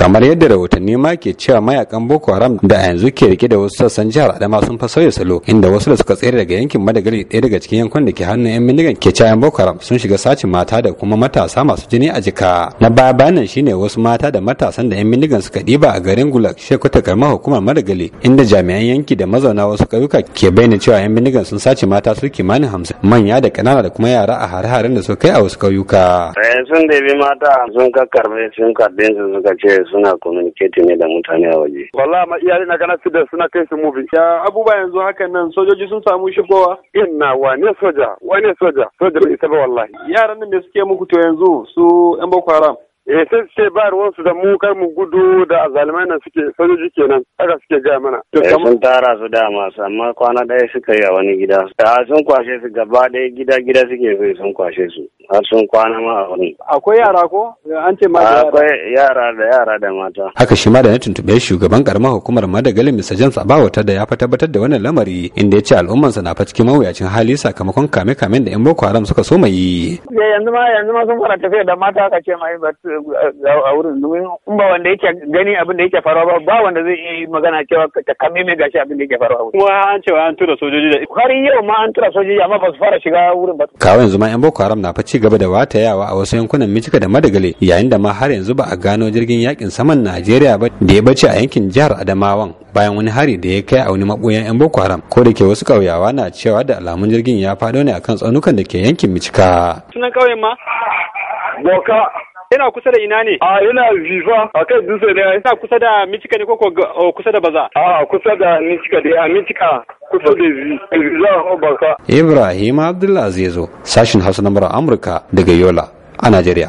kamar yadda rahotanni ma ke cewa mayakan boko haram da a yanzu ke rike da wasu sassan jihar adama sun fa sauya salo inda wasu da suka tsere daga yankin madagali ɗaya daga cikin yankunan da ke hannun yan bindigan ke cewa yan boko haram sun shiga sacin mata da kuma matasa masu jini a jika na baya bayanan shine wasu mata da matasan da yan bindigan suka ɗiba a garin gulak shekuta karamar hukumar madagali inda jami'an yanki da mazauna wasu ƙauyuka ke bayyana cewa yan bindigan sun sace mata su kimanin hamsin manya da kanana da kuma yara a hare-haren da suka kai a wasu ƙauyuka. Eh, sun mata sun sun su suka ce suna communicating ne da mutane a waje. Wallahi ma iyali na gana da suna kai su mubi. Ya abubuwa yanzu haka nan sojoji sun samu shigowa. Inna wane soja wane soja soja bai isa ba wallahi. Yaran nan da suke muku to yanzu su 'yan Boko Haram. eh sai ce ba ruwansu da mu kai mu gudu da azalmai nan suke sojoji kenan aka suke gaya mana. Eh, sun tara su da dama amma kwana ɗaya suka yi a wani gida. Da sun kwashe su gaba ɗaya gida gida suke so sun kwashe su. har sun kwana ma a wurin. Akwai yara ko? An ce ma Akwai yara da yara da mata. Haka shi ma da na tuntuɓe shugaban karamar hukumar Madagali Mr. James bawa ta da ya fa tabbatar da wannan lamari inda ya ce al'ummansa na fa cikin mawuyacin hali sakamakon kame-kamen da 'yan Boko Haram suka so yi. Eh, yanzu ma yanzu ma sun fara tafiya da mata aka ce mai a wurin domin in ba wanda yake gani abin da yake faruwa ba ba wanda zai yi magana cewa ka kame mai gashi abin da yake faruwa. Kuma an wa an tura sojoji da har yau ma an tura sojoji amma ba su fara shiga wurin ba. Kawai yanzu ma 'yan Boko Haram na fa ci gaba da watayawa a wasu yankunan Mijika da Madagale yayin da ma har yanzu ba a gano jirgin yakin saman Najeriya ba da ya bace a yankin jihar Adamawan bayan wani hari da ya kai a wani maboyan 'yan Boko Haram ko da ke wasu ƙauyawa na cewa da alamun jirgin ya faɗo ne akan tsaunukan da ke yankin Mijika. Sunan kauyen ma? Boka. Yana kusa da ina ne? A yana Viva a kan dutse ne. Yana kusa da Michika ne ko kusa da Baza? A kusa da Michika dai a Michika. Ibrahim Abdullahi Ibrahim Abdullah sashin Hausa na Amurka daga Yola a Najeriya.